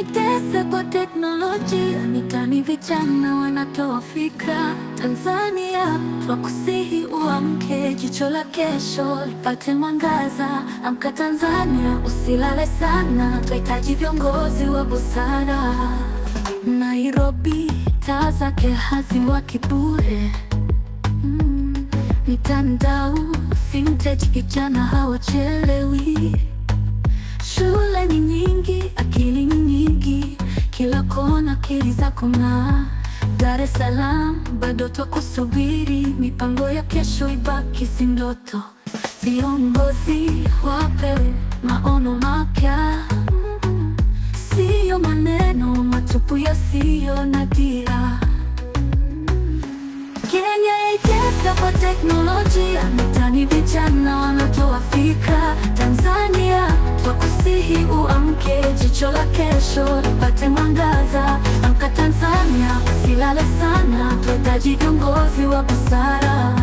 Kuwekeza kwa teknolojia, mitani vijana wanatoa fikra. Tanzania twakusihi uamke, jicho la kesho lipate mwangaza. Amka Tanzania, usilale sana, twahitaji viongozi wa busara. Nairobi taa zake haziwaki bure. Mm, mitandao fintech, vijana hawachelewi. Shule ni nyingi, akili nyingi akili za ng'aa. Dar es Salaam bado twakusubiri, mipango ya kesho ibaki si ndoto. Viongozi wapewe maono mapya, siyo maneno matupu yasiyo na dira. Kenya ijaza kwa teknolojia, mitani vijana wanatoa fikra. Tanzania twakusihi uamke, jicho la kesho lipate mwangaza. Tunahitaji viongozi wa busara.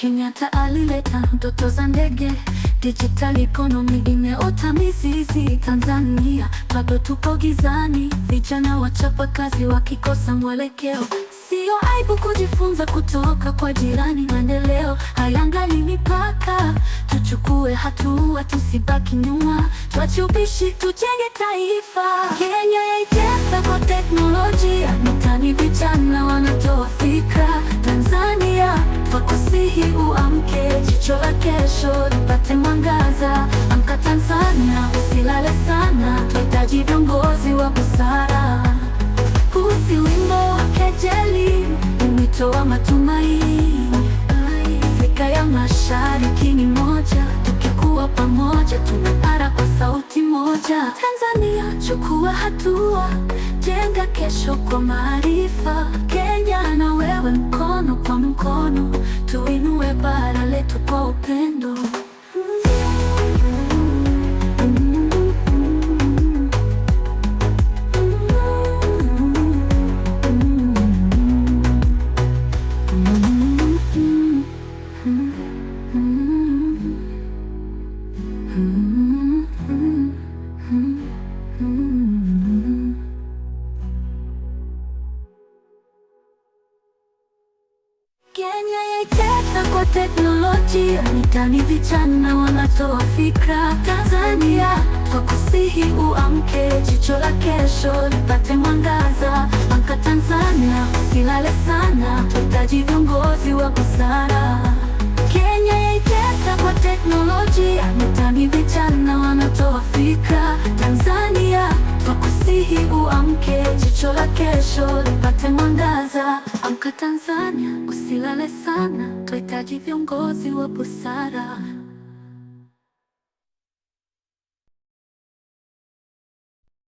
Kenyatta alileta ndoto za ndege, digital economy imeota mizizi Tanzania. Bado tupo gizani, vijana wachapakazi wakikosa mwelekeo. Sio aibu kujifunza kutoka kwa jirani. Maendeleo hayangali mipaka, tuchukue hatua, tusibaki nyuma. Twachubishi, tujenge taifa Kenya teknolojia mitaani, vijana wanatoa fikra. Tanzania twakusihi uamke, jicho la kesho lipate mwangaza. Amka Tanzania, usilale sana, twahitaji viongozi wa busara. Huu si wimbo wa kejeli, ni mwito wa matumaini. Afrika ya Mashariki ni moja, tukikuwa pamoja moja. Tanzania, chukua hatua, jenga kesho kwa maarifa. Kenya na wewe, mkono kwa mkono, tuinue bara letu kwa upendo. Mm-hmm. kwa teknolojia, mitani vijana wanatoa fikra. Tanzania kwa kusihi uamke, jicho la kesho lipate mwangaza. Banka Tanzania, usilale sana, tutaji viongozi wa busara. Kenya yaitesa kwa teknolojia, mitani vijana wanatoa fikra. Tanzania kwa kusihi uamke, jicho la kesho lipate mwangaza. Amka Tanzania tusilale sana, twahitaji viongozi wa busara.